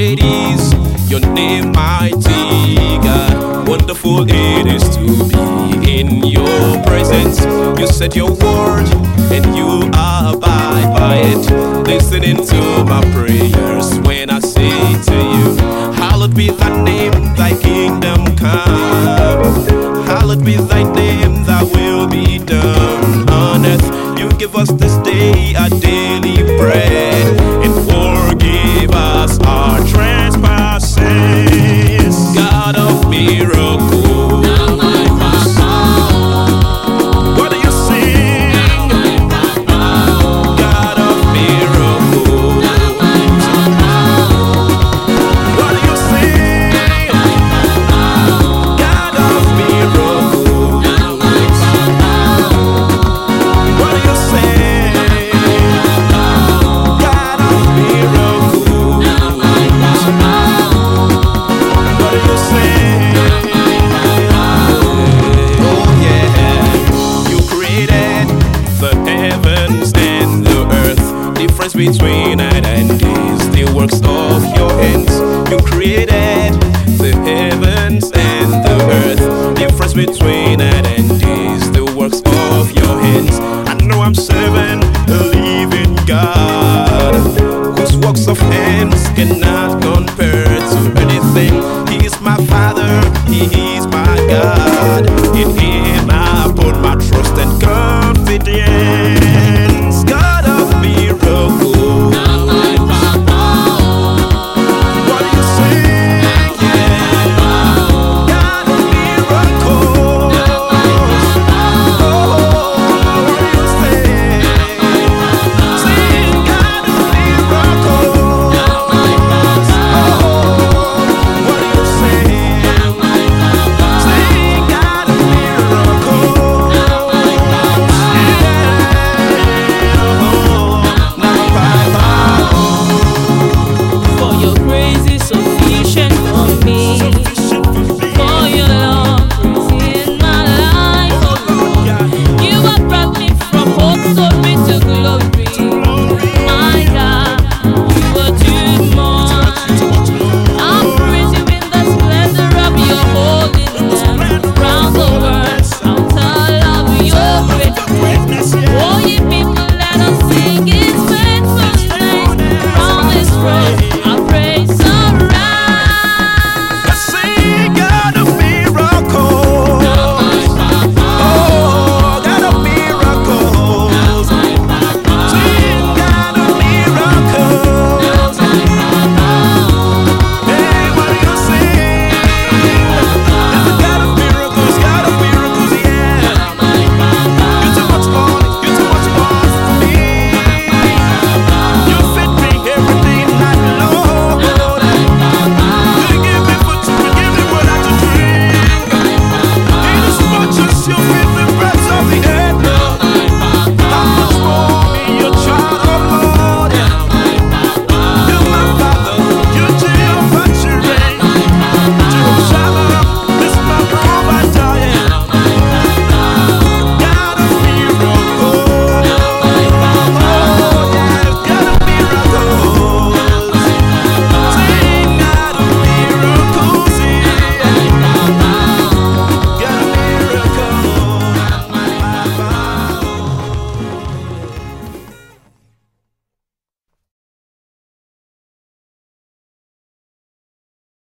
is your name, mighty God. Wonderful it is to be in your presence. You said your word and you abide by it. Listening to my prayers when I heavens and the earth. Difference between night and day is the works of your hands. You created the heavens and the earth. Difference between night and day is the works of your hands. I know I'm serving a living God, whose works of hands cannot compare to anything. He is my Father, He is my God. It is